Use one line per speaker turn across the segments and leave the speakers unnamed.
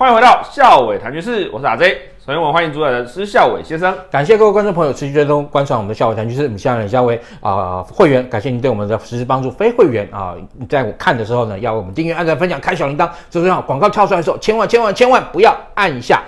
歡迎回到孝瑋談軍事，我是阿 J。首先，我們歡迎主講人施孝瑋先生。感謝各位觀眾朋
友持續追蹤、觀賞我們的孝瑋談軍事，以下領孝瑋啊、呃、會員，感謝您對我們的實時幫助。非會員啊、呃，在我看的時候呢，要為我們訂閱、按讚、分享、開小鈴鐺。最重要，廣告跳出來的時候，千萬、千萬、
千萬不要按一下，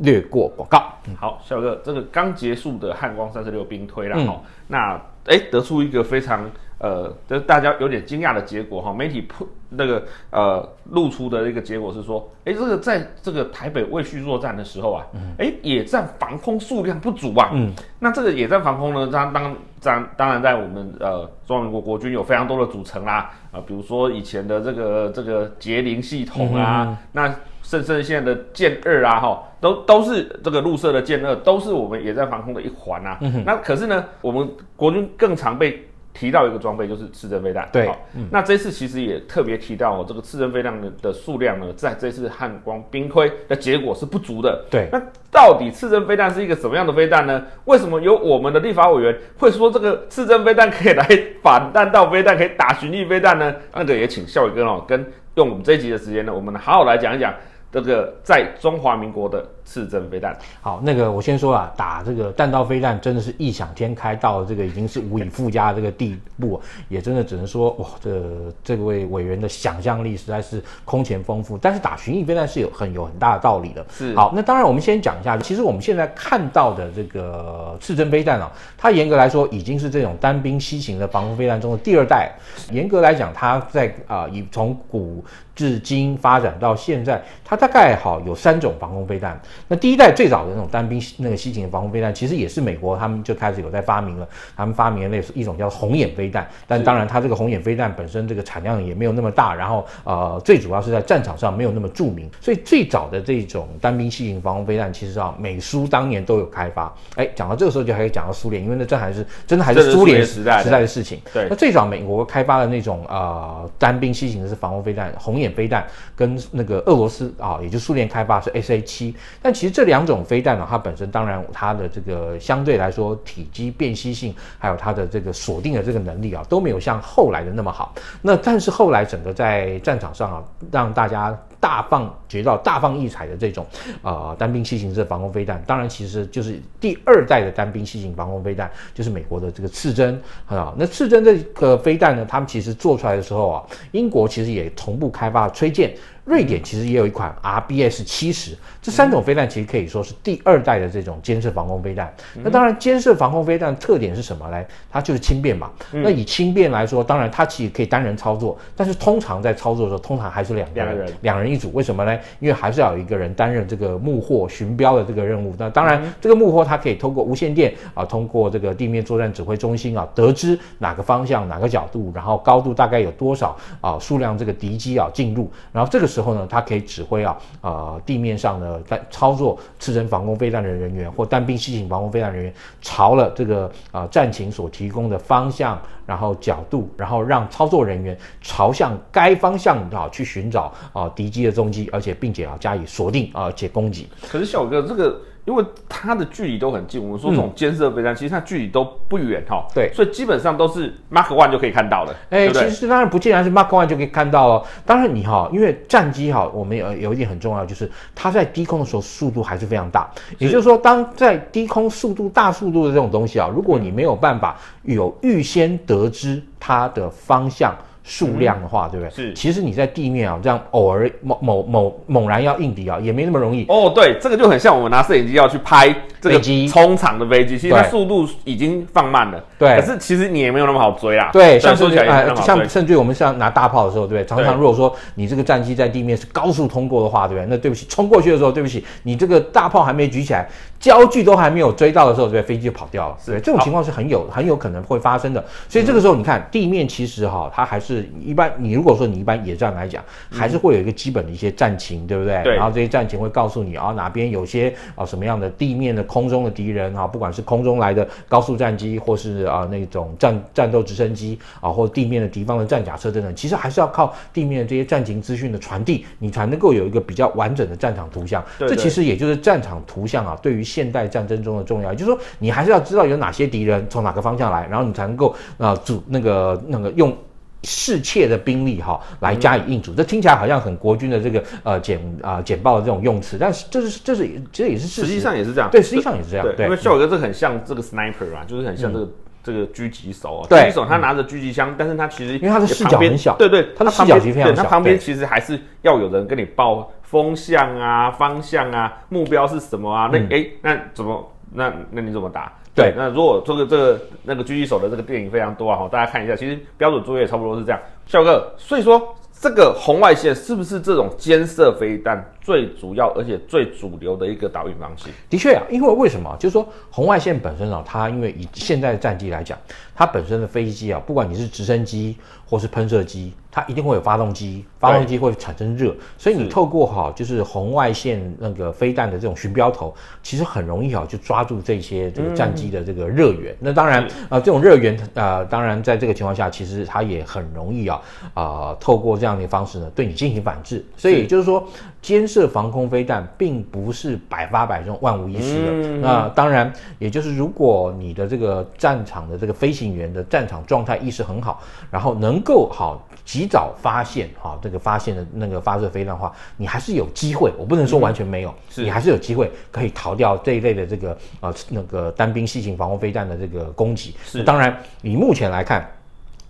略過廣告。嗯、好，孝瑋哥，這個剛結束的漢光三十六兵推了，嗯哦、那誒得出一個非常。呃，就是大家有點驚訝的結果哈，媒體那個呃露出的一個結果是說，哎，這個在這個台北衛戍作戰的時候啊，哎、嗯，野戰防空數量不足啊，嗯，那這個野戰防空呢，當當當當然在我們呃中華民國國軍有非常多的組成啦、啊，啊，比如說以前的這個這個捷羚系統啊，嗯、哼那甚至現在的劍二啊，哈，都都是這個陸射的劍二，都是我們野戰防空的一環啊，嗯哼那可是呢，我們國軍更常被提到一個裝備就是刺針飛彈，對，哦嗯、那這次其實也特別提到、哦、這個刺針飛彈的數量呢，在這次漢光兵推的結果是不足的，對，那到底刺針飛彈是一個什麼樣的飛彈呢？為什麼有我們的立法委員會說這個刺針飛彈可以來反彈道飛彈，可以打巡弋飛彈呢？那個也請孝瑋跟老、哦、跟用我們這一集的時間呢，我們好好來講一講這個在中華民國的。刺針飛彈，
好，那個我先說啊，打這個彈道飛彈真的是異想天開，到這個已經是無以復加的這個地步， 也真的只能說哇，這這位委員的想象力實在是空前豐富。但是打巡弋飛彈是有很有很大的道理的。是，好，那當然我們先講一下，其實我們現在看到的這個刺針飛彈啊，它嚴格來說已經是這種單兵攜行式的防空飛彈中的第二代。是嚴格來講，它在啊、呃，以從古至今發展到現在，它大概好有三種防空飛彈。那第一代最早的那種單兵那個攜行防空飛彈，其實也是美國他們就開始有在發明了。他們發明了一一種叫紅眼飛彈，但當然它這個紅眼飛彈本身這個產量也沒有那麼大，然後呃，最主要是在戰場上沒有那麼著名。所以最早的這種單兵攜行防空飛彈，其實啊美蘇當年都有開發。哎，講到這個時候就還可以講到蘇聯，因為那這還是真的還是蘇聯時代時代的事情。對，那最早美國開發的那種啊、呃、單兵攜行的是防空飛彈紅眼飛彈，跟那個俄羅斯啊，也就蘇聯開發是 SA 七。但其實這兩種飛彈呢、啊，它本身當然它的這個相對來說體積辨析性，還有它的這個鎖定的這個能力啊，都沒有像後來的那麼好。那但是後來整個在戰場上啊，讓大家大放，絕到大放異彩的這種啊、呃、單兵器型式防空飛彈，當然其實就是第二代的單兵器型防空飛彈，就是美國的這個刺針啊。那刺針這個飛彈呢，他們其實做出來的時候啊，英國其實也同步開發崔健。瑞典其實也有一款 RBS 七十，這三種飛彈其實可以說是第二代的這種監視防空飛彈。嗯、那當然，監視防空飛彈的特點是什麼呢？它就是輕便嘛。嗯、那以輕便來說，當然它其實可以單人操作，但是通常在操作的時候，通常還是兩個人，兩人，兩人一組。為什麼呢？因為還是要有一個人擔任這個幕後尋標的這個任務。那當然，這個幕後它可以通過無線電啊，通過這個地面作戰指揮中心啊，得知哪個方向、哪個角度，然後高度大概有多少啊，數量這個敵機啊進入，然後這個。時候呢，它可以指揮啊，呃，地面上的在操作刺針防空飛彈的人員或單兵新型防空飛彈人員，朝了這個啊戰情所提供的方向，然後角度，然後讓操作人員朝向該方向啊去尋找啊敵機的蹤跡，而且並且要、啊、加以鎖
定啊而且攻擊。可是小哥這個。因為它的距離都很近，我們說這種監測飛機，嗯、其實它距離都不遠哈。對、哦，所以基本上都是 Mark One 就可以看到了。哎誒，對對，其實當
然不竟然不盡然是 Mark One 就可以看到了。當然你哈、哦，因為戰機哈，我們有有一點很重要，就是它在低空的時候速度還是非常大。是也就是說，當在低空速度大速度的這種東西啊，如果你沒有辦法有預先得知它的方向，數量的話，對不對？是。其實你在地面啊，這樣偶爾某某某猛然要應敵啊，也沒那麼容易。
哦，對，這個就很像我們拿攝影機要去拍這個衝場的飛機，其實它速度已經放慢了。對。可是其實你也沒有那麼好追啊。對，像說起來，像
甚至於我們像拿大炮的時候，對不對？常常如果說你這個戰機在地面是高速通過的話，對不對？那對不起，衝過去的時候，對不起，你這個大炮還沒舉起來，焦距都還沒有追到的時候，對不對？飛機就跑掉了。對。這種情況是很有很有可能會發生的。所以這個時候你看地面其實哈，它還是。是，一般你如果說你一般野戰來講，還是會有一個基本的一些戰情，對不對？對。然後這些戰情會告訴你啊，哪邊有些啊什麼樣的地面的、空中的敵人啊，不管是空中來的高速戰機，或是啊那種戰戰鬥直升機啊，或者地面的敵方的戰甲車等等，其實還是要靠地面這些戰情資訊的傳遞，你才能夠有一個比較完整的戰場圖像。對，對。這其實也就是戰場圖像啊，對於現代戰爭中的重要，就是說你還是要知道有哪些敵人從哪個方向來，然後你才能夠啊組那個那個用。侍妾的兵力哈，來加以應主。這聽起來好像很國軍的這個呃簡啊簡報的這種用詞，但是這是這是其實也是實際上也是這樣，對，實際上也是這樣。因為秀
哥這很像這個 sniper 啊，就是很像這個這個狙擊手啊，狙擊手他拿着狙擊槍，但是他其實因為他的視角很小，對對，他的視角其實非常小，他旁邊其實還是要有人跟你報風向啊、方向啊、目標是什麼啊。那誒，那怎麼那那你怎麼打？對，對，那如果這個這個那個狙擊手的這個電影非常多啊，哈，大家看一下，其實標準作業差不多是這樣，孝瑋，所以說這個紅外線是不是這種肩射飛彈最主要而且最主流的一個導引方式？
的確啊，因為為什麼？就是說紅外線本身啊，它因為以現在的戰機來講，它本身的飛機啊，不管你是直升機，或是噴射機，它一定會有發動機，發動機會產生熱，對所以你透過哈、啊，是就是紅外線那個飛彈的這種尋標頭，其實很容易啊就抓住這些這個戰機的這個熱源。嗯、那當然啊是、呃，這種熱源啊、呃，當然在這個情況下，其實它也很容易啊啊、呃、透過這樣的方式呢對你進行反制。是所以就是說，肩射防空飛彈並不是百發百中、萬無一失的。嗯、那當然，也就是如果你的這個戰場的這個飛行員的戰場狀態意識很好，然後能。能夠好及早發現好這個發現的那個發射飛彈的話，你還是有機會。我不能說完全沒有，嗯、是你還是有機會可以逃掉這一類的這個呃那個單兵攜行式防空飛彈的這個攻擊。是，當然你目前來看，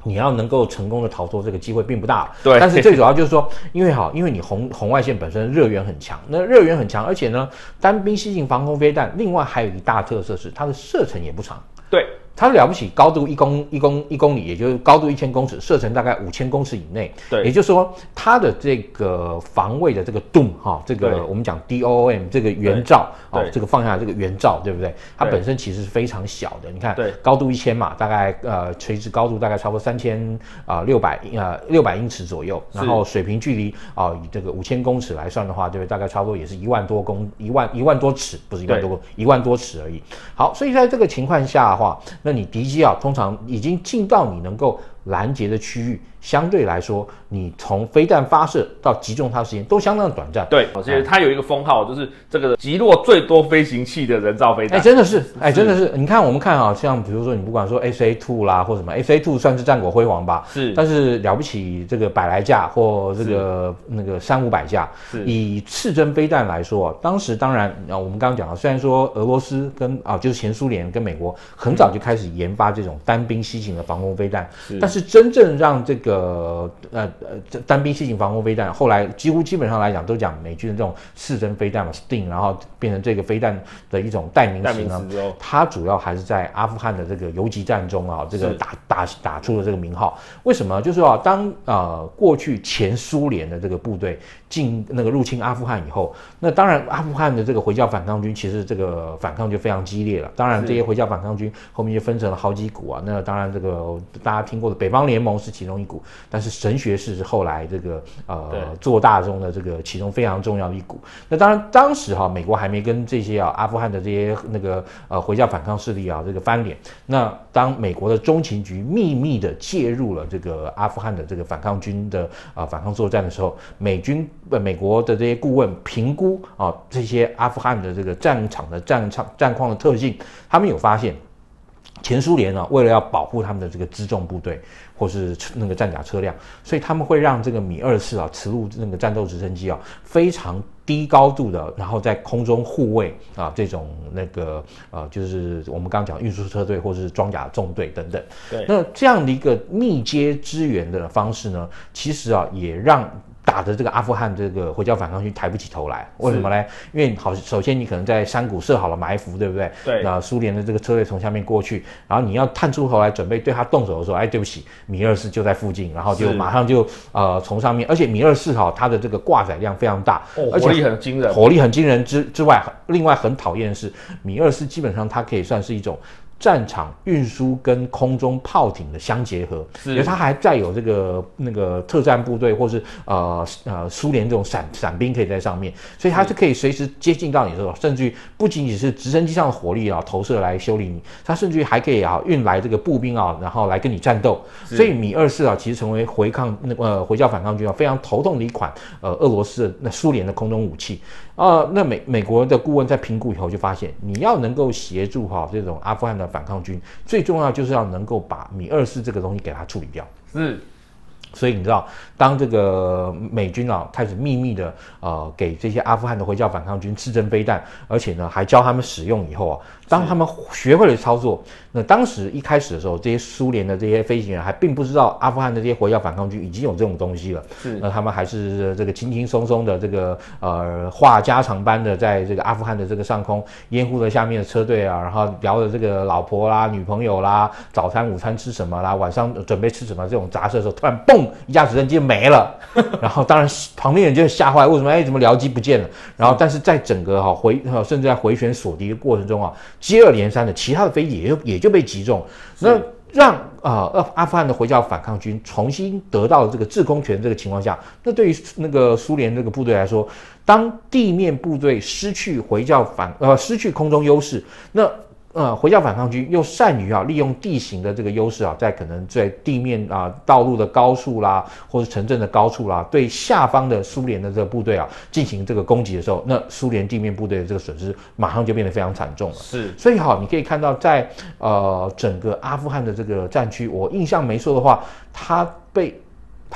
你要能夠成功的逃脫這個機會並不大了。對，但是最主要就是說， 因為好，因為你紅紅外線本身熱源很強，那熱源很強，而且呢，單兵攜行式防空飛彈，另外還有一大特色是它的射程也不長。對。它了不起，高度一公一公一公里，也就是高度一千公尺，射程大概五千公尺以內。對，也就是說它的這個防衛的這個度，哈，這個我們講 doom 對這個圓罩對啊，對這個放下來這個圓罩，對不對？它本身其實是非常小的，對你看，對高度一千嘛，大概呃垂直高度大概差不多三千啊六百呃六百英尺左右，是然後水平距離啊、呃、以這個五千公尺來算的話，對不對？大概差不多也是一萬多公一萬一萬多尺，不是一萬多公一對萬多尺而已。好，所以在這個情況下的話。那你敵機啊，通常已經進到你能夠攔截的區域。相對來說，你從飛彈發射到擊中它的時間都相當的短暫。對，而且它
有一個封號，嗯、就是這個擊落最多飛行器的人造飛彈。哎，欸、真的是，哎、欸，真的
是。是你看，我們看啊，像比如說你不管說 S A Two 啦，或什麼 S A Two 算是戰果輝煌吧？是。但是了不起，這個百來架或這個是那個三五百架，是，以刺針飛彈來說，當時當然啊，我們剛剛講了，雖然說俄羅斯跟啊，就是前蘇聯跟美國很早就開始研發這種單兵攜行的防空飛彈，嗯、但是真正讓這個呃呃呃，這單兵系型防空飛彈，後來幾乎基本上來講都講美軍的這種刺針飛彈嘛 Stinger 然後變成這個飛彈的一種代名詞。代名詞它主要還是在阿富汗的這個游擊戰中啊，這個打是打打,打出了這個名號。為什麼？就是說、啊，當呃過去前蘇聯的這個部隊進那個入侵阿富汗以後，那當然阿富汗的這個回教反抗軍其實這個反抗就非常激烈了。當然，這些回教反抗軍後面就分成了好幾股啊。那個、當然，這個大家聽過的北方聯盟是其中一股。但是神學士是後來這個呃做大中的這個其中非常重要的一股。那當然當時哈、啊，美國還沒跟這些啊阿富汗的這些那個呃、啊、回教反抗勢力啊這個翻臉。那當美國的中情局秘密的介入了這個阿富汗的這個反抗軍的啊反抗作戰的時候，美軍美國的這些顧問評估啊這些阿富汗的這個戰場的戰場戰況的特性，他們有發現。前蘇聯啊，為了要保護他們的這個輜重部隊，或是那個戰甲車輛，所以他們會讓這個米二四啊，雌鹿那個戰鬥直升機啊，非常低高度的，然後在空中護衛啊，這種那個啊、呃，就是我們剛剛講運輸車隊或者是裝甲縱隊等等。對，那這樣的一個密接支援的方式呢，其實啊，也讓。打得這個阿富汗這個回教反抗軍抬不起頭來，為什麼呢？是因為好，首先你可能在山谷設好了埋伏，對不對？對。那蘇聯的這個車隊從下面過去，然後你要探出頭來準備對它動手的時候，哎，對不起，米二四就在附近，然後就馬上就是呃從上面，而且米二四哈它的這個掛載量非常大，哦、而且火力很驚人，火力很驚人之之外，另外很討厭的是米二四，基本上它可以算是一種。戰場運輸跟空中炮艇的相結合，因為是它還載有這個那個特戰部隊，或是呃呃蘇聯這種傘傘兵可以在上面，所以它是可以隨時接近到你的時候，是甚至於不僅僅是直升機上的火力啊投射來修理你，它甚至於還可以啊運來這個步兵啊，然後來跟你戰鬥。是所以米二四啊，其實成為回抗那呃回教反抗軍啊非常頭痛的一款呃俄羅斯的那蘇聯的空中武器。啊、呃，那美美國的顧問在評估以後就發現，你要能夠協助哈這種阿富汗的反抗軍，最重要就是要能夠把米二四這個東西給它處理掉。是。所以你知道，當這個美軍啊開始秘密的呃給這些阿富汗的回教反抗軍刺針飛彈，而且呢還教他們使用以後啊，當他們學會了操作，是那當時一開始的時候，這些蘇聯的這些飛行員還並不知道阿富汗的這些回教反抗軍已經有這種東西了，是那他們還是這個輕輕鬆鬆的這個呃話家常般的在這個阿富汗的這個上空掩護着下面的車隊啊，然後聊着這個老婆啦、女朋友啦、早餐、午餐吃什麼啦、晚上準備吃什麼這種雜事的時候，突然蹦。一架直升機就沒了，然後當然旁邊人就嚇壞，為什麼？哎，怎麼僚機不見了？然後但是在整個哈、啊、回甚至在迴旋鎖敵的過程中啊，接二連三的其他的飛機也就也就被擊中，是那讓啊阿、呃、阿富汗的回教反抗軍重新得到了這個制空權這個情況下，那對於那個蘇聯這個部隊來說，當地面部隊失去回教反呃失去空中優勢，那。呃、嗯，回教反抗軍又善於啊利用地形的這個優勢啊，在可能在地面啊道路的高處啦，或是城鎮的高處啦，對下方的蘇聯的這個部隊啊進行這個攻擊的時候，那蘇聯地面部隊的這個損失馬上就變得非常慘重了。是，所以好，你可以看到在呃整個阿富汗的這個戰區，我印象沒錯的話，它被。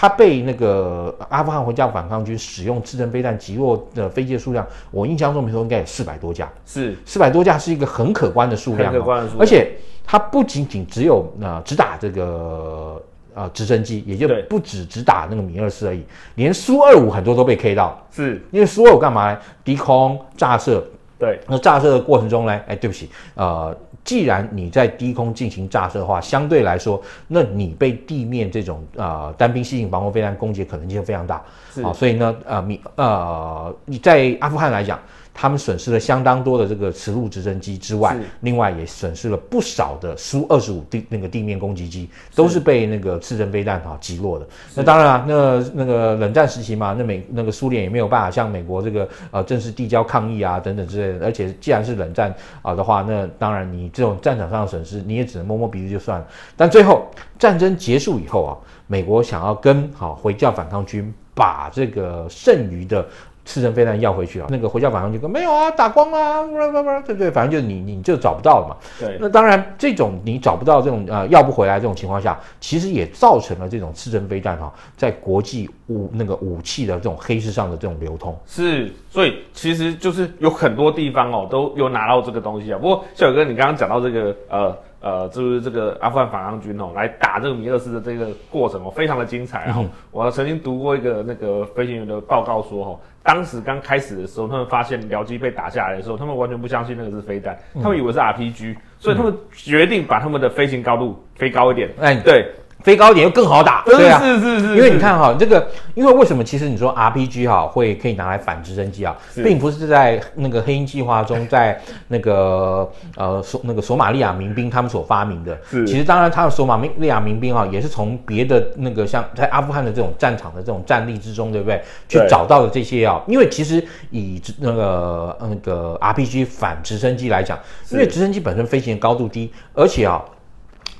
它被那個阿富汗回家反抗軍使用刺針飛彈擊落的飛機數量，我印象中，沒說應該有四百多架，是四百多架，是一個很可觀的數量。數量，而且它不僅僅只有那、呃、只打這個呃直升機，也就不止只打那個米二四而已，對連蘇二五很多都被 K 到，是因為蘇二五幹嘛呢？低空炸射，對，那炸射的過程中呢，哎、欸，對不起，呃。既然你在低空進行炸射的話，相對來說，那你被地面這種啊、呃、單兵吸引、防空飛彈攻擊的可能性非常大。好，是所以呢，呃，你呃你在阿富汗來講。他們損失了相當多的這個雌鹿直升機之外，是另外也損失了不少的蘇二十五地那個地面攻擊機，是都是被那個刺針飛彈哈擊落的。是那當然啊，那那個冷戰時期嘛，那美那個蘇聯也沒有辦法像美國這個呃正式遞交抗議啊等等之類的。而且既然是冷戰啊、呃、的話，那當然你這種戰場上的損失，你也只能摸摸鼻子就算了。但最後戰爭結束以後啊，美國想要跟好、啊、回教反抗軍把這個剩餘的。刺針飛彈要回去了，那個回教反抗軍就說沒有啊，打光了，不不不，對不對？反正就是你你就找不到了嘛。對。那當然，這種你找不到這種呃要不回來這種情況下，其實也造成了這種刺針飛彈哈、哦，在國際武那個武器的這種黑市上的這種流通。
是，所以其實就是有很多地方哦，都有拿到這個東西啊。不過孝瑋哥，你剛剛講到這個呃呃，就是這個阿富汗反抗軍哦，來打這個米爾斯的這個過程哦，非常的精彩、啊。然後、嗯、我曾經讀過一個那個飛行員的報告說哈、哦。當時剛開始的時候，他們發現僚機被打下來的時候，他們完全不相信那個是飛彈，他們以為是 RPG，嗯，所以他們決定把他們的飛行高度飛高一點。哎，嗯，對。飛高點又更好打，嗯、對啊，是是是，是，因為你看
哈、啊，這個，因為為什麼？其實你說 RPG 哈、啊、會可以拿來反直升機啊，是並不是在那個黑鷹計劃中，在那個呃索，那個索馬利亞民兵他們所發明的。是其實當然，他的索馬利亞民兵啊，也是從別的那個像在阿富汗的這種戰場的這種戰力之中，對不對？去找到的這些啊，對因為其實以那個那個 RPG 反直升機來講，是因為直升機本身飛行的高度低，而且啊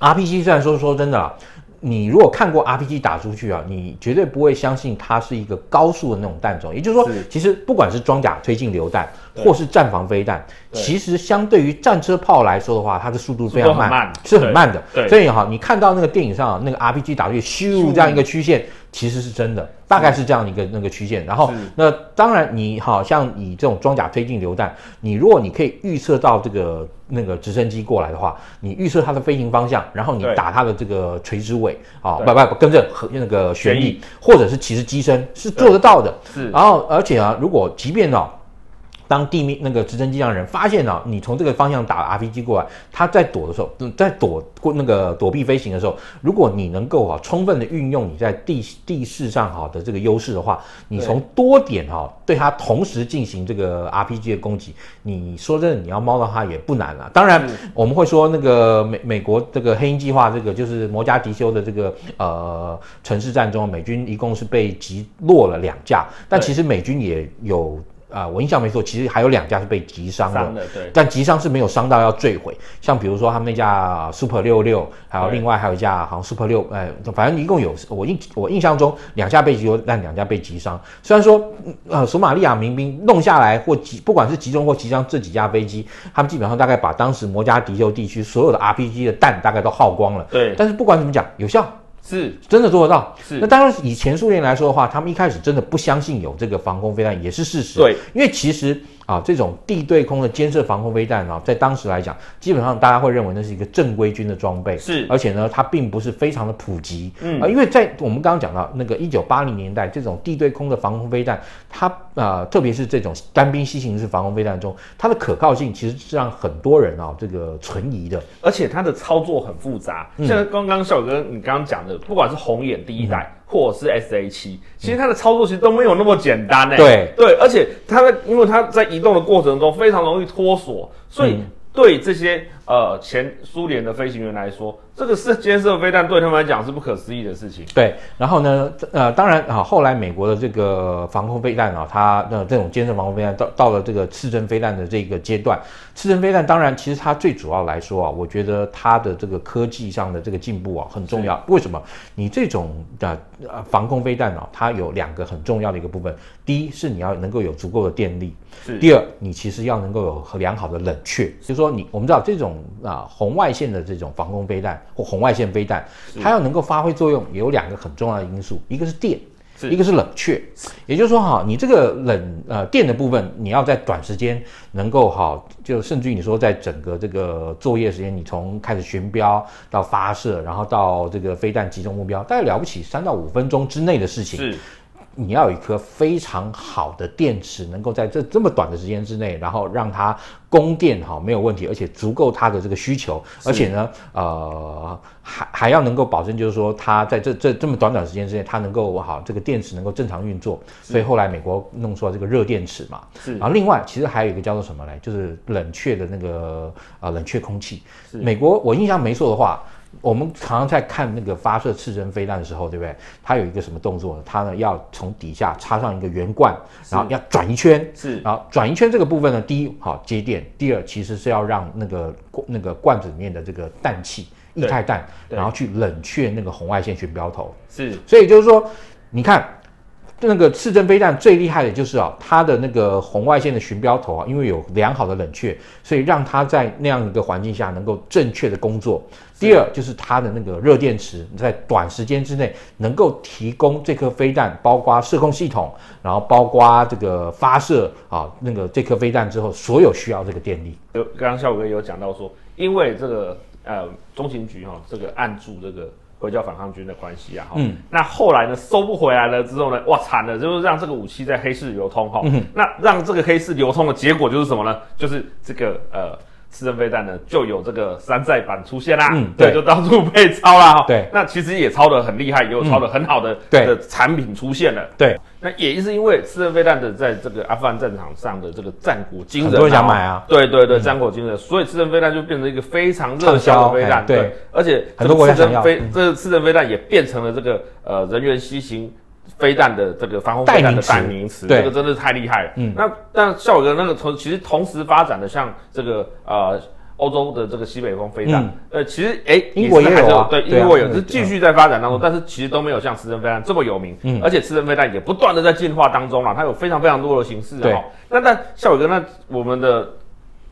，RPG 雖然說說真的。你如果看過 RPG 打出去啊，你絕對不會相信它是一個高速的那種彈種。也就是說，其實不管是裝甲推進榴彈。或是戰防飛彈，其實相對於戰車炮來說的話，它的速度非常慢，是很慢的。對，所以哈，你看到那個電影上那個 RPG 打出去咻這樣一個曲線，其實是真的，大概是這樣一個那個曲線。然後，那當然你好像以這種裝甲推進榴彈，你如果你可以預測到這個那個直升機過來的話，你預測它的飛行方向，然後你打它的這個垂直尾啊，不不不，跟着那個旋翼，或者是其實機身是做得到的。是，然後而且啊，如果即便啊。當地面那個直升機上的人發現啊，你從這個方向打 RPG 過來，他在躲的時候，在躲過那個躲避飛行的時候，如果你能夠哈、啊、充分的運用你在地地勢上好的這個優勢的話，你從多點哈、啊、對他同時進行這個 RPG 的攻擊，你說真的你要瞄到他也不難了、啊，當然我們會說那個美美國這個黑鷹計劃這個就是摩加迪修的這個呃城市戰中，美軍一共是被擊落了兩架，但其實美軍也有。啊、呃，我印象沒錯，其實還有兩架是被擊傷的，對，但擊傷是沒有傷到要墜毀。像比如說他們那架 Super 六六，還有另外還有一架好像 Super 六對，哎、呃，反正一共有我印我印象中兩架被擊落，但兩架被擊傷。雖然說、嗯，呃，索馬利亞民兵弄下來或擊，不管是擊中或擊傷這幾架飛機，他們基本上大概把當時摩加迪休地區所有的 RPG 的彈大概都耗光了，對。但是不管怎麼講，有效。是真的做得到，是，那當然以前蘇聯來說的話，他們一開始真的不相信有這個防空飛彈，也是事實。對，因為其實。啊，這種地對空的監視防空飛彈啊，在當時來講，基本上大家會認為那是一個正規軍的裝備，是，而且呢，它並不是非常的普及，嗯啊，因為在我們剛剛講到那個一九八零年代，這種地對空的防空飛彈，它啊、呃，特別是這種單兵攜行式
防空飛彈中，它的可靠性其實是讓很多人啊這個存疑的，而且它的操作很複雜，像剛剛小哥你剛剛講的，不管是紅眼第一代。嗯或者是 S A 七，其實它的操作其實都沒有那麼簡單誒、欸。對對，而且它在因為它在移動的過程中非常容易脫鎖，所以對這些。呃，前蘇聯的飛行員來說，這個是肩射飛彈，對他們來講是不可思議的事情。
對，然後呢，呃，當然啊，後來美國的這個防空飛彈啊，它的、呃、這種肩射防空飛彈到到了這個刺針飛彈的這個階段，刺針飛彈當然其實它最主要來說啊，我覺得它的這個科技上的這個進步啊很重要。是為什麼？你這種的呃防空飛彈啊，它有兩個很重要的一個部分，第一是你要能夠有足夠的電力，是第二你其實要能夠有很良好的冷卻。所以是說你我們知道這種。啊，紅外線的這種防空飛彈或紅外線飛彈，是它要能夠發揮作用，有兩個很重要的因素，一個是電，是一個是冷卻。是也就是說，哈，你這個冷呃電的部分，你要在短時間能夠好，就甚至於你說在整個這個作業時間，你從開始尋標到發射，然後到這個飛彈擊中目標，大概了不起三到五分鐘之內的事情。你要有一顆非常好的電池，能夠在這這麼短的時間之內，然後讓它供電好，沒有問題，而且足夠它的這個需求，而且呢，呃，還還要能夠保證，就是說它在這這這麼短短的時間之內，它能夠好這個電池能夠正常運作。所以後來美國弄出了這個熱電池嘛，然後另外其實還有一個叫做什麼嘞，就是冷卻的那個啊、呃、冷卻空氣。美國我印象沒錯的話。我們常常在看那個發射刺針飛彈的時候，對不對？它有一個什麼動作呢？它呢要從底下插上一個圓罐，是然後要轉一圈。是，然後轉一圈這個部分呢，第一，好接電；第二，其實是要讓那個那個罐子裡面的這個氮氣，液態氮，對然後去冷卻那個紅外線尋標頭。是，所以就是說，你看。那個刺針飛彈最厲害的就是啊，它的那個紅外線的尋標頭啊，因為有良好的冷卻，所以讓它在那樣一個環境下能夠正確的工作。第二就是它的那個熱電池，在短時間之內能夠提供這顆飛彈，包括射控系統，然後包括這個發射啊，那個這顆飛彈之後所有需要這個電力。
有剛剛孝瑋哥有講到說，因為這個呃中情局哈、啊，這個按住這個。回教反抗軍的關係啊，嗯，那後來呢，收不回來了之後呢，哇慘了，就是讓這個武器在黑市流通，哈，嗯哼，那讓這個黑市流通的結果就是什麼呢？就是這個呃。刺針飛彈呢，就有這個山寨版出現啦，嗯，對,對，就到處被抄啦、喔，哈，對，那其實也抄得很厲害，也有抄得很好的、嗯、的產品出現了，對，那也是因為刺針飛彈的在這個阿富汗戰場上的這個戰果驚人，很多人想買啊，對對對，嗯、戰果驚人，所以刺針飛彈就變成一個非常熱銷的飛彈，對,對，而且很多國家、嗯、飛，這個刺針飛彈也變成了這個呃人員攜行。飛彈的這個防空飛彈的代名詞，名詞對這個真的是太厲害了。嗯，那但孝瑋哥那個同其實同時發展的像這個呃歐洲的這個西北風飛彈，嗯、呃其實誒、欸、英國也有啊，是是還是有對，對啊英國有是繼續在發展當中，啊啊啊、但是其實都沒有像刺針飛彈這麼有名。嗯，而且刺針飛彈也不斷的在進化當中了，它有非常非常多的形式、喔。對，那但孝瑋哥那我們的，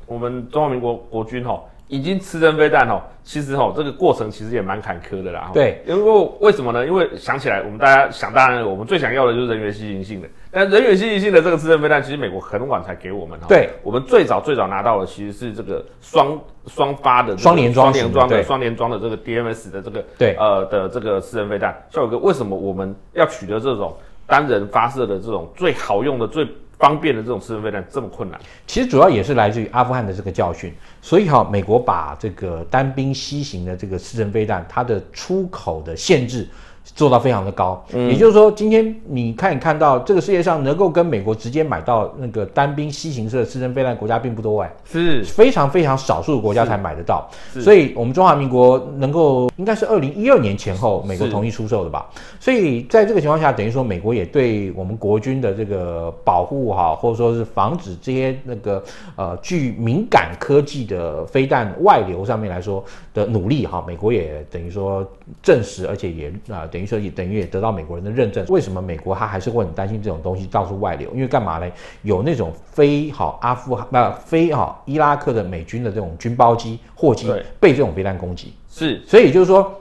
我們,的我們中華民國國軍哈、喔。已經刺針飛彈哦，其實哦，這個過程其實也蠻坎坷的啦。對，因為為什麼呢？因為想起來，我們大家想當然，我們最想要的就是人員吸引性的。但人員吸引性的這個刺針飛彈，其實美國很晚才給我們、哦。對，我們最早最早拿到的其實是這個雙雙發的、這個、雙聯裝、雙聯裝的對雙聯裝的這個 DMS 的這個對呃的這個刺針飛彈。孝瑋哥，為什麼我們要取得這種單人發射的這種最好用的最？方便的這種刺針飛彈這麼困難，
其實主要也是來自於阿富汗的這個教訓。所以哈，美國把這個單兵攜行的這個刺針飛彈，它的出口的限制。做到非常的高，也就是說，今天你看你看到，這個世界上能夠跟美國直接買到那個單兵攜行式的刺針飛彈國家並不多哎、欸，是非常非常少數的國家才買得到，所以我們中華民國能夠應該是二零一二年前後美國同意出售的吧，所以在這個情況下，等於說美國也對我們國軍的這個保護哈，或者說是防止這些那個呃具敏感科技的飛彈外流上面來說的努力哈，美國也等於說證實，而且也啊、呃、等於。設計等於也得到美國人的認證，為什麼美國他還是會很擔心這種東西到處外流？因為幹嘛呢？有那種飛好阿富汗、那飛好伊拉克的美軍的這種軍包機、貨機對被這種飛彈攻擊，是。所以就是說，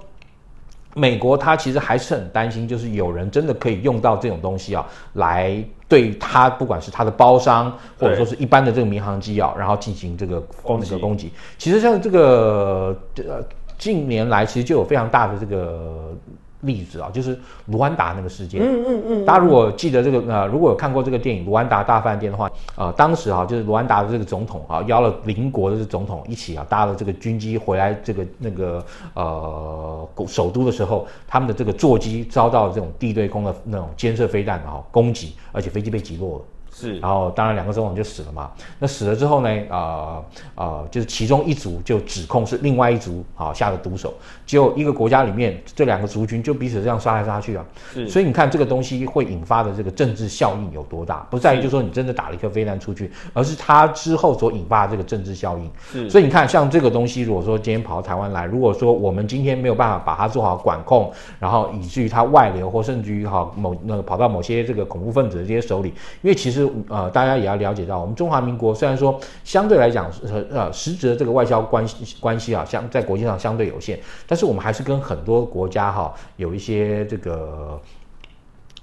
美國他其實還是很擔心，就是有人真的可以用到這種東西啊，來對他不管是他的包商，對或者說是一般的這個民航機啊，然後進行這個攻擊。攻擊。其實像這個呃，近年來其實就有非常大的這個。例子啊，就是盧安達那個事件。嗯，嗯嗯嗯，大家如果記得這個，呃，如果有看過這個電影《盧安達大飯店》的話，呃，當時啊，就是盧安達的這個總統啊，邀了鄰國的這個總統一起啊，搭了這個軍機回來這個那個呃首都，的時候，他們的這個座機遭到這種地對空的那種肩射飛彈啊攻擊，而且飛機被擊落了。是，然後當然兩個總統就死了嘛。那死了之後呢，啊、呃、啊、呃，就是其中一族就指控是另外一族啊下的毒手，就一個國家裡面這兩個族群就彼此這樣殺來殺去啊。是，所以你看這個東西會引發的這個政治效應有多大，不在於就是說你真的打了一顆飛彈出去，而是他之後所引發的這個政治效應。是，所以你看像這個東西，如果說今天跑到台灣來，如果說我們今天沒有辦法把它做好管控，然後以至於它外流或甚至於哈某那個跑到某些這個恐怖分子的這些手裡，因為其實。呃，大家也要了解到，我們中華民國雖然說相對來講，呃呃，實質的這個外交關係關係啊，相在國際上相對有限，但是我們還是跟很多國家哈、哦、有一些這個，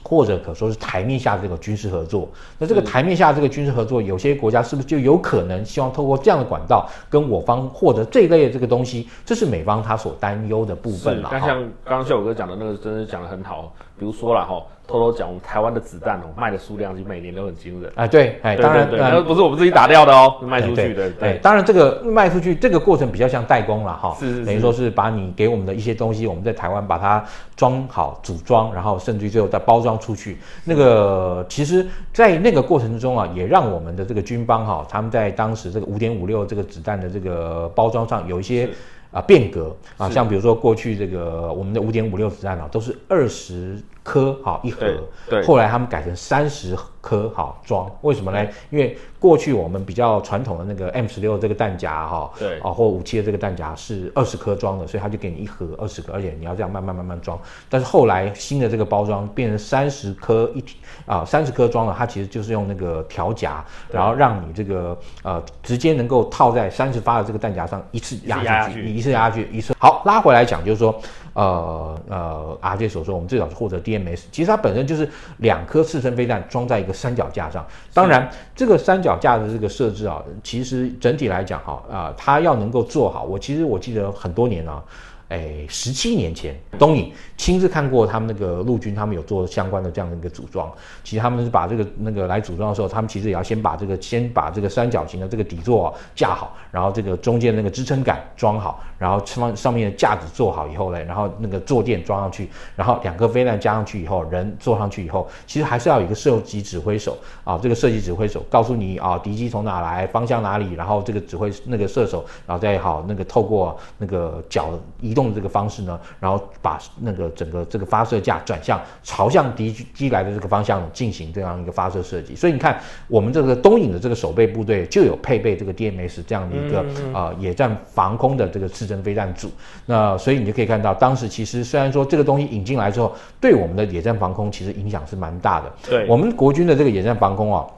或者可說是台面下的這個軍事合作。那這個台面下的這個軍事合作，是有些國家是不是就有可能希望透過這樣的管道，跟我方獲得這一類的這個東西？這是美方他所擔憂的部分了。但像
剛剛孝瑋哥講的那個，真的講得很好，對比如說了哈。哦偷偷講，我們台灣的子彈哦，賣的數量是每年都很驚人啊！對，哎，當然，那、啊、不是我們自己打掉的哦，賣出去的。哎、對，
當然這個賣出去這個過程比較像代工了哈，是，是，是等於說是把你給我們的一些東西，我們在台灣把它裝好、組裝，然後甚至最後再包裝出去。是那個其實，在那個過程之中啊，也讓我們的這個軍方哈、啊，他們在當時這個五點五六這個子彈的這個包裝上有一些啊變革是啊，是像比如說過去這個我們的五點五六子彈啊，都是二十顆好一盒，一盒對，對，後來他們改成三十顆好裝，為什麼呢？嗯、因為過去我們比較傳統的那個 M 十六這個彈夾哈，對，啊或武器的這個彈夾、哦對哦、是二十顆裝的，所以他就給你一盒二十個，而且你要這樣慢慢慢慢裝。但是後來新的這個包裝變成三十顆一啊三十顆裝了，它其實就是用那個條夾，然後讓你這個呃直接能夠套在三十發的這個彈夾上一次壓下去，去你一次壓下去，對一，次壓去一次。好，拉回來講就是說。呃呃，阿杰、啊、所說，我們最早是獲得 DMS，其實它本身就是兩顆刺針飛彈裝在一個三腳架上。當然，是這個三腳架的這個設置啊，其實整體來講哈啊，啊，它要能夠做好，我其實我記得很多年了、啊。哎，十七年前，東引親自看過他們那個陸軍，他們有做相關的這樣的一個組裝。其實他們是把這個那個來組裝的時候，他們其實也要先把這個先把這個三角形的這個底座架好，然後這個中間那個支撐桿裝好，然後放上面的架子做好以後嘞，然後那個坐墊裝上去，然後兩個飛彈加上去以後，人坐上去以後，其實還是要有一個射擊指揮手啊。這個射擊指揮手告訴你啊，敵機從哪來，方向哪裡，然後這個指揮那個射手，然後再好、啊、那個透過那個腳移動。用這個方式呢，然後把那個整個這個發射架轉向朝向敵機來的這個方向進行這樣一個發射射擊。所以你看，我們這個東引的這個守備部隊就有配備這個 DMS 這樣的一個啊、嗯呃、野戰防空的這個刺針飛彈組。那所以你就可以看到，當時其實雖然說這個東西引進來之後，對我們的野戰防空其實影響是蠻大的。對我們國軍的這個野戰防空啊、哦。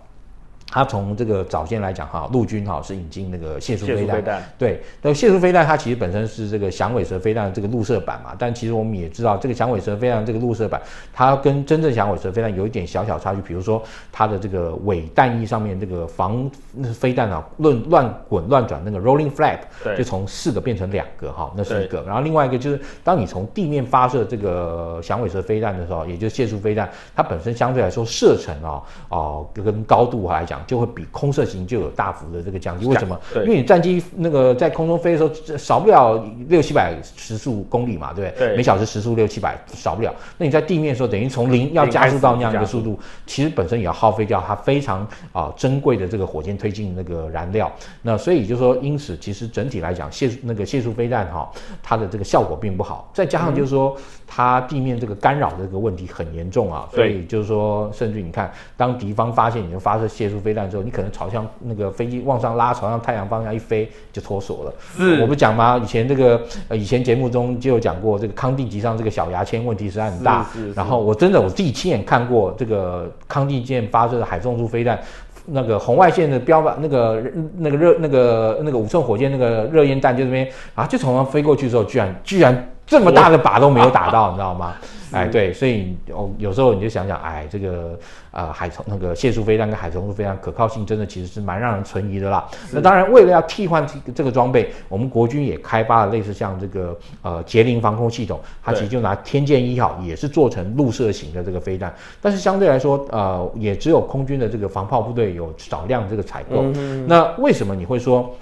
它從這個早先來講哈、啊，陸軍哈、啊、是引進那個檞樹飛彈，飛彈對，那檞樹飛彈它其實本身是這個響尾蛇飛彈的這個陸射版嘛，但其實我們也知道，這個響尾蛇飛彈這個陸射版，它跟真正響尾蛇飛彈有一點小小差距。比如說它的這個尾彈翼上面這個防那飛彈啊，亂亂滾亂轉那個 rolling flap，對就從四個變成兩個哈、啊，那是一個，對然後另外一個就是當你從地面發射這個響尾蛇飛彈的時候，也就是檞樹飛彈，它本身相對來說射程啊，哦、呃、跟高度來講，就會比空射型就有大幅的這個降低，為什麼？因為你戰機那個在空中飛的時候，少不了六七百時速公里嘛，對不對？對每小時時速六七百少不了。那你在地面的時候，等於從零要加速到那樣一個速度，嗯、其實本身也要耗費掉它非常啊、呃、珍貴的這個火箭推進那個燃料。那所以就是說，因此其實整體來講，檞那個檞樹飛彈哈、啊，它的這個效果並不好。再加上就是說，嗯、它地面這個干擾的這個問題很嚴重啊。所以就是說，對甚至你看，當敵方發現已經發射檞樹飛彈彈的時候，你可能朝向那個飛機往上拉，朝向太陽方向一飛就脫鎖了。是，我不講嗎？以前這、那個呃，以前節目中就有講過，這個康定級上這個小牙籤問題實在很大。是是是是，然後我真的我自己親眼看過這個康定艦發射的海欉樹飛彈，那個紅外線的標靶，那個那個熱那個那個五寸火箭那個熱煙彈就那邊啊，就從那飛過去的時候，居然居然這麼大的靶都沒有打到，我你知道嗎？是哎，對，所以有、哦、有時候你就想想，哎，這個呃海欉那個欉樹飛彈跟海欉樹飛彈可靠性真的其實是蠻讓人存疑的啦。是那當然，為了要替換這個裝備，我們國軍也開發了類似像這個呃捷羚防空系統，它其實就拿天劍一號對也是做成陸射型的這個飛彈，但是相對來說，呃，也只有空軍的這個防炮部隊有少量這個採購。嗯、那為什麼你會說？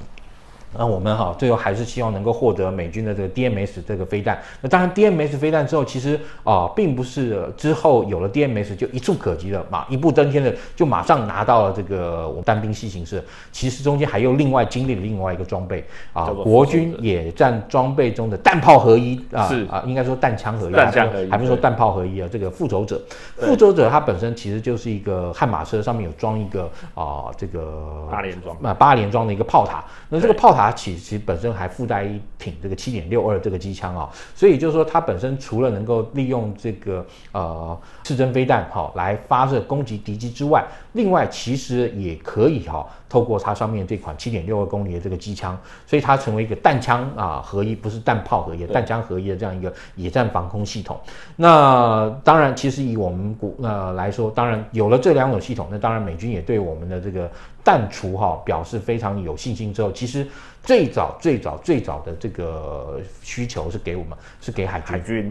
那我們哈、啊，最後還是希望能夠獲得美軍的這個 DMS 這個飛彈。那當然，DMS 飛彈之後，其實啊、呃，並不是之後有了 DMS 就一觸可及了，嘛，一步登天的，就馬上拿到了這個我們單兵攜行式。其實中間還有另外經歷了另外一個裝備啊，呃、國軍野戰裝備中的彈炮合一啊啊、呃是呃，應該說彈槍合一，彈槍合一，還不是說彈炮合一啊，這個復仇者，對復仇者它本身其實就是一個悍馬車上面有裝一個啊、呃、這個八連裝啊、呃，八連裝的一個炮塔，那這個炮塔。它起其實本身還附帶一挺這個七點六二這個機槍啊，所以就是說它本身除了能夠利用這個呃刺針飛彈哈來發射攻擊敵機之外，另外其實也可以哈、啊。透過它上面這款七點六二公里的這個機槍，所以它成為一個彈槍啊合一，不是彈炮合一，彈槍合一的這樣一個野戰防空系統。那當然，其實以我們國呃來說，當然有了這兩種系統，那當然美軍也對我們的這個彈除哈表示非常有信心。之後，其實最早最早最早的這個需求是給我們，是給海軍海軍。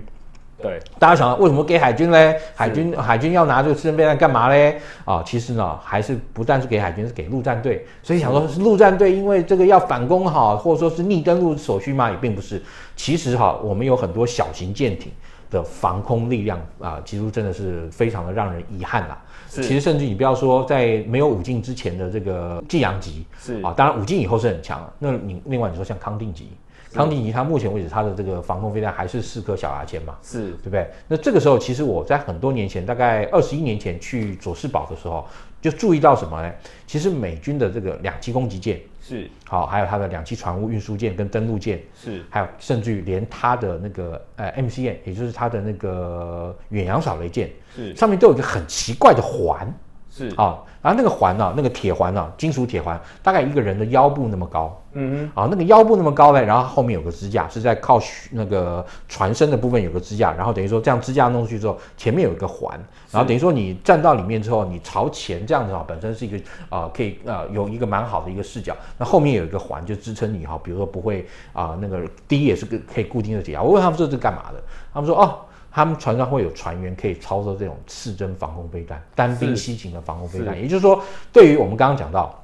對，大家想、啊、為什麼給海軍嘞？海軍是海軍要拿這個刺針飛彈幹嘛嘞？啊，其實呢，還是不單是給海軍，是給陸戰隊。所以想說，是陸戰隊，因為這個要反攻哈，或者說是逆登陸所需嘛，也並不是。其實哈、啊，我們有很多小型艦艇的防空力量啊，其實真的是非常的讓人遺憾啦。是其實甚至你不要說在沒有武進之前的這個濟陽級，是啊，當然武進以後是很強、啊。那你另外你說像康定級。康定級，它是目前為止它的這個防空飛彈還是四顆小牙籤嘛，是對不對？那這個時候，其實我在很多年前，大概二十一年前去佐世保的時候，就注意到什麼呢？其實美軍的這個兩棲攻擊艦
是
好、哦，還有它的兩棲船塢運輸艦跟登陸艦是，還有甚至於連它的那個呃、MC、MCM，也就是它的那個遠洋掃雷艦是，上面都有一個很奇怪的環。是啊、哦，然後那個環呢、啊，那個鐵環呢、啊，金屬鐵環，大概一個人的腰部那麼高，嗯嗯，啊，那個腰部那麼高嘞，然後後面有個支架，是在靠那個船身的部分有個支架，然後等於說這樣支架弄出去之後，前面有一個環，然後等於說你站到裡面之後，你朝前這樣子哈、啊、本身是一個啊、呃、可以呃有一個蠻好的一個視角，那後，後面有一個環就支撐你哈，比如說不會啊、呃、那個第一也是個可以固定的支架。我問他們說這是幹嘛的，他們說哦。他們船上會有船員可以操作這種刺針防空飛彈，單兵攜行的防空飛彈。也就是說，對於我們剛剛講到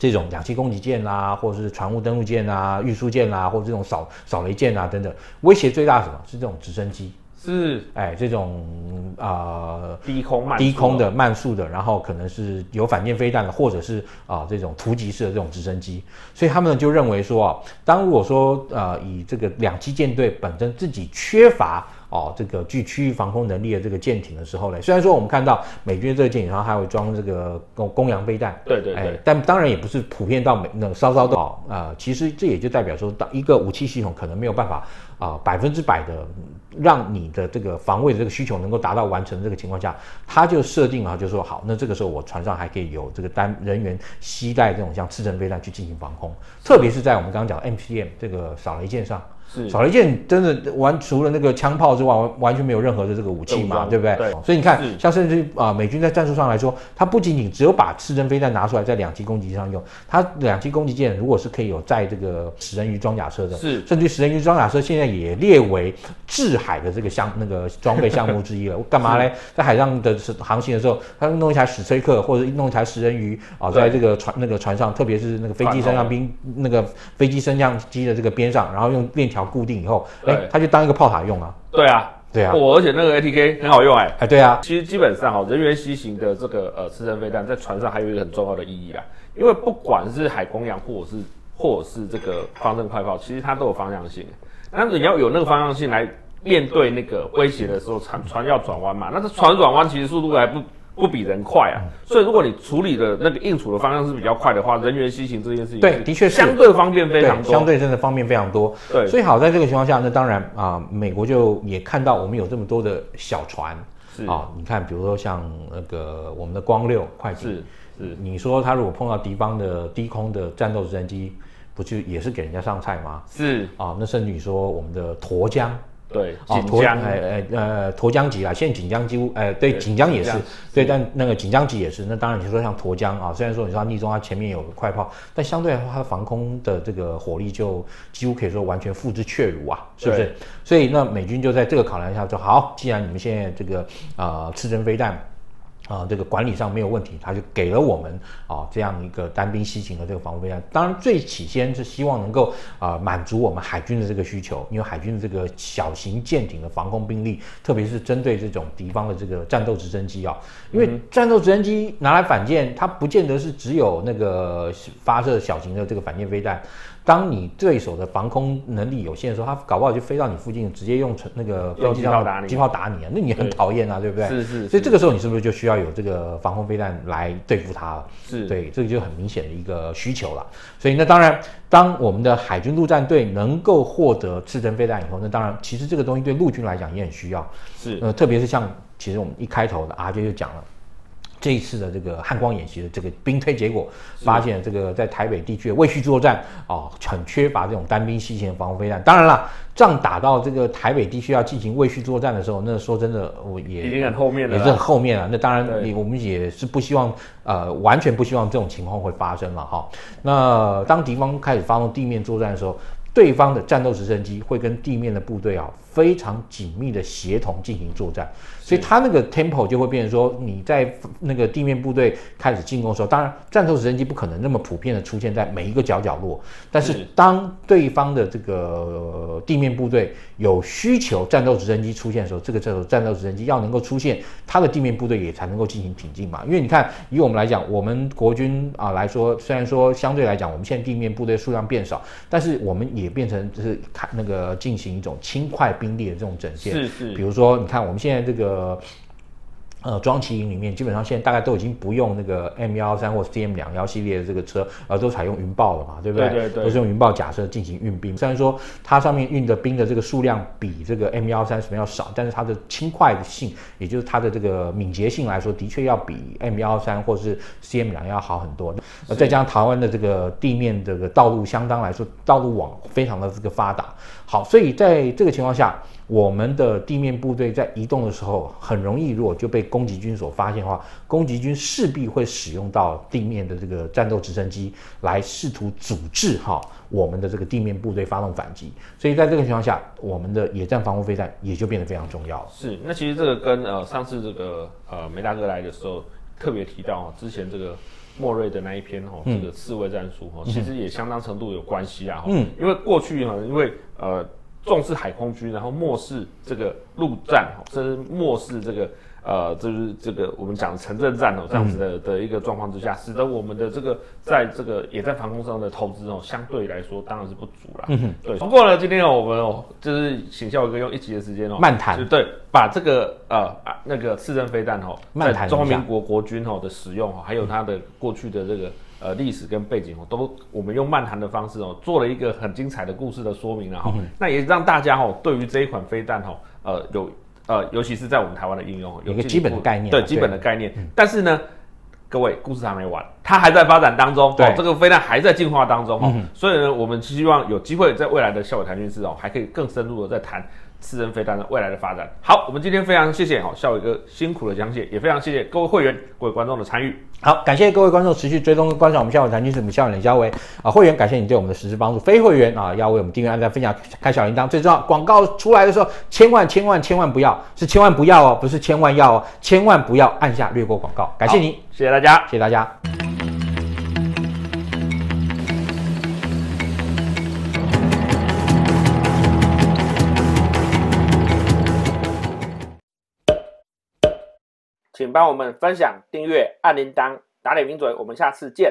這種兩棲攻擊艦啦，或者是船塢登陸艦啊、運輸艦啦，或者這種掃掃雷艦啊等等，威脅最大的什麼？是這種直升機。
是，
哎，這種啊、呃、
低空慢速、啊、低空的
慢速的，然後可能是有反艦飛彈的，或者是啊、呃、這種突擊式的這種直升機。所以他們就認為說，當如果說呃以這個兩棲艦隊本身自己缺乏哦，這個具區域防空能力的這個艦艇的時候呢，雖然說我們看到美軍這個艦艇上還有裝這個公公羊飛彈，對對哎，但當然也不是普遍到每那稍、個、稍到，哦、呃，其實這也就代表說，當一個武器系統可能沒有辦法啊百分之百的讓你的這個防衛的這個需求能夠達到完成這個情況下，它就設定了就說好，那這個時候我船上還可以有這個單人員攜帶這種像刺針飛彈去進行防空，的特別是在我們剛剛講 MCM 這個掃雷艦上。少了一件，是雷真的完，除了那個槍炮之外，完完全沒有任何的這個武器嘛，對不對、哦？所以你看，是像甚至啊、呃，美軍在戰術上來說，它不僅僅只有把刺針飛彈拿出來在兩棲攻擊上用，它兩棲攻擊艦如果是可以有載在這個食人魚裝甲車的，是甚至食人魚裝甲車現在也列為制海的這個項那個裝備項目之一了。幹 是嘛嘞？在海上的航行的時候，他弄一台史崔克或者弄一台食人魚啊、哦，在這個船對那個船上，特別是那個飛機升降兵那個飛機升降機的這個邊上，然後用鏈條。固定以後，哎、啊，它、欸、就當一個炮塔用啊。
對啊，對啊，我、哦、而且那個 ATK 很好用哎、欸，哎，對啊。其實基本上哦，人員攜行的這個呃，刺針飛彈在船上還有一個很重要的意義啊。因為不管是海公羊，或者是或者是這個方陣快炮，其實它都有方向性。那你要有那個方向性來面對那個威脅的時候，船船要轉彎嘛。那這船轉彎其實速度還不。不比人快啊，嗯、所以如果你處理的那個應處的方向是比較快的話，對人員西行這件事情，對，的確相對方便非常多，相對
真的方便非常多。對，所以好在這個情況下，那當然啊、呃，美國就也看到我們有這麼多的小船，是啊、呃，你看比如說像那個我們的光六快艇，是是、呃，你說他如果碰到敵方的低空的戰鬥直升機，不就也是給人家上菜嗎？是啊、呃，那甚至你說我們的沱江。
對，啊、哦，沱江，江
哎哎呃，沱江級啊，現在錦江幾乎哎，對，錦對江也是，江對，但那個錦江級也是，那當然你說像沱江啊，雖然說你說它逆中它前面有個快炮，但相對來說它的防空的這個火力就幾乎可以說完全付之闕如啊，是不是？對所以那美軍就在這個考量下說，好，既然你們現在這個啊，刺、呃、針飛彈。啊，這個管理上沒有問題，他就給了我們啊這樣一個單兵攜行的這個防空飛彈。當然，最起先是希望能夠啊、呃、滿足我們海軍的這個需求，因為海軍的這個小型艦艇的防空兵力，特別是針對這種敵方的這個戰鬥直升機啊、哦，因為戰鬥直升機拿來反艦，它不見得是只有那個發射小型的這個反艦飛彈。當你對手的防空能力有限的時候，他搞不好就飛到你附近，直接用那個機炮打你啊！那你很討厭啊，對，對不對？是是，是。所以這個時候你是不是就需要有這個防空飛彈來對付他了？是對，這個就很明顯的一個需求了。所以那當然，當我們的海軍陸戰隊能夠獲得刺針飛彈以後，那當然其實這個東西對陸軍來講也很需要。是，呃，特別是像其實我們一開頭的阿杰就講了。這一次的這個漢光演習的這個兵推結果，發現這個在台北地區的衛戍作戰啊是、哦，很缺乏這種單兵攜行防空飛彈。當然了，仗打到這個台北地區要進行衛戍作戰的時候，那說真的，我、哦、也很後面了，也是很後面了，啊。那當然對，我們也是不希望，呃，完全不希望這種情況會發生了哈，哦。那當敵方開始發動地面作戰的時候，對方的戰鬥直升機會跟地面的部隊啊、哦、非常緊密的協同進行作戰。所以他那個 tempo 就會變成說，你在那個地面部隊開始進攻的時候，當然戰鬥直升機不可能那麼普遍的出現在每一個角角落。但是當對方的這個地面部隊有需求，戰鬥直升機出現的時候，這個戰鬥戰鬥直升機要能夠出現，它的地面部隊也才能夠進行挺進嘛。因為你看，以我們來講，我們國軍啊來說，雖然說相對來講，我們現在地面部隊數量變少，但是我們也變成就是看那個進行一種輕快兵力的這種整建。是是，比如說你看我們現在這個。呃呃，裝甲營裡面基本上現在大概都已經不用那個 M 幺幺三或 C M 兩幺系列的這個車，而、呃、都採用雲豹了嘛，對不對？對,對對，都是用雲豹假設進行運兵。雖然說它上面運的兵的這個數量比這個 M 幺幺三什麼要少，但是它的輕快性，也就是它的這個敏捷性來說，的確要比 M 幺幺三或是 C M 兩幺要好很多。是再加上台灣的這個地面這個道路，相當來說道路網非常的這個發達。好，所以在這個情況下。我們的地面部隊在移動的時候很容易，如果就被攻擊軍所發現的話，攻擊軍勢必會使用到地面的這個戰鬥直升機來試圖阻止哈我們的這個地面部隊發動反擊。所以在這個情況下，我們的野戰防空飛彈也就變得非常重要。
是，那其實這個跟呃上次這個呃梅大哥來的時候特別提到哈、哦，之前這個莫瑞的那一篇哈、哦嗯、這個刺蝟戰術哈、哦，嗯、其實也相當程度有關係啊。嗯，因為過去呢，因為呃。重視海空軍，然後漠視這個陸戰，哈，甚至漠視這個。呃，就是這個我們講城鎮戰哦、喔，這樣子的的、嗯、一個狀況之下，使得我們的這個在這個野戰防空上的投資哦、喔，相對來說當然是不足了。嗯哼對。不過呢，今天、喔、我們哦、喔，就是請孝瑋哥用一集的時間哦、喔，漫談談，對，把這個呃、啊、那個刺針飛彈哦、喔，談，中華民國國軍哦、喔、的使用哦、喔，還有它的過去的這個呃歷史跟背景哦、喔，都我們用漫談的方式哦、喔，做了一個很精彩的故事的說明了哈、喔。嗯、哼那也讓大家哦、喔，對於這一款飛彈哦、喔，呃有。呃，尤其是在我們台灣的應用，有一個基本的概念、啊，對基本的概念。嗯、但是呢，各位故事還沒完，它還在發展當中，對、哦、這個飛彈還在進化當中哈。哦嗯、哼所以呢，我們希望有機會在未來的孝瑋談軍事哦，還可以更深入的再談，刺針飛彈的未來的發展。好，我們今天非常謝謝哦，孝瑋哥辛苦的講解，也非常謝謝各位會員、各位觀眾的參與。
好，感謝各位觀眾持續追蹤觀、觀賞我們《孝瑋談軍事》，是我們孝瑋談軍事啊，會員感謝你對我們的實質幫助。非會員啊，要為我們訂閱、按讚、分享、開小鈴鐺。最重要，廣告出來的時候，千萬、千萬、千萬不要，是千萬不要哦，不是千萬要哦，千萬不要按下略過廣告。感謝你，謝謝大家，謝謝大家。謝謝大家
請幫我們分享、訂閱、按鈴鐺、打臉名嘴，我們下次見。